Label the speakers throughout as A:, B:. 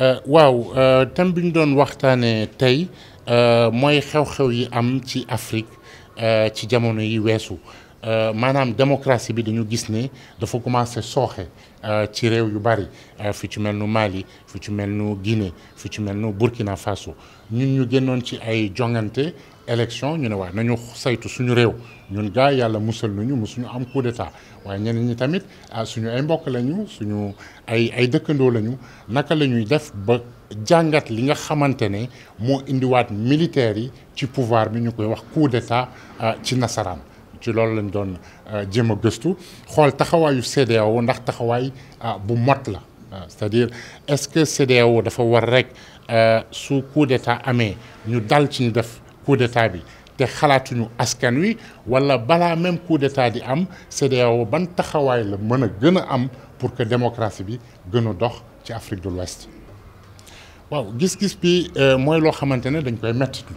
A: Euh, waaw euh, thème bi ñu doon waxtaanee tey euh, mooy xew-xew yi am ci Afrique ci jamono yi weesu. la euh, démocratie bi dañu gis ne dafa commencé sooxe euh, ci réew yu bari Mali euh, fi ci mel Guinée fi Burkina Faso ñun ñu génnoon ci ay jongante élection ñu ne avons nañu saytu suñu réew ñun gaa yàlla musal nañu am coup d'état waaye ñeneen ñi tamit ah, suñu ay mbokk lañu suñu ay naka la def ba jàngat li nga xamante pouvoir bi wax ah, ci loolu lañ doon euh, jéem a gëstu xool taxawaayu CEDEAO ndax taxawaay euh, bu mot la euh, c'est-à-dire est-ce que CDAO dafa war rek su coup d'état amee ñu dal ci ñu def coup d'état bi te xalaatuñu askan wi wala balaa même coup d'état di am CDAO ban taxawaay la mën a gën a am pour que démocratie bi gën a dox ci Afrique de l'Ouest waaw gis-gis bi mooy loo xamante ne dañ koy mettitlu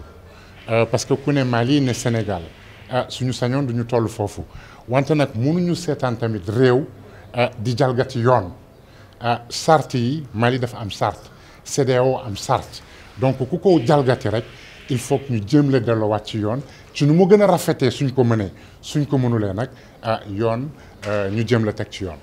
A: parce que ku ne Mali ne Sénégal ah suñu sañoon duñu toll foofu wante nag mënuñu seetaan tamit réew ah, di jalgati yoon ah sart yi Mali dafa am sart CEDEAO am sart donc ku ko jalgati rek il faut que ñu jëm la delloowaat ci yoon ci nu mu gën a rafetee suñ ko mënee suñ ko mënulee nag ah yoon euh, ñu jëm la teg ci yoon.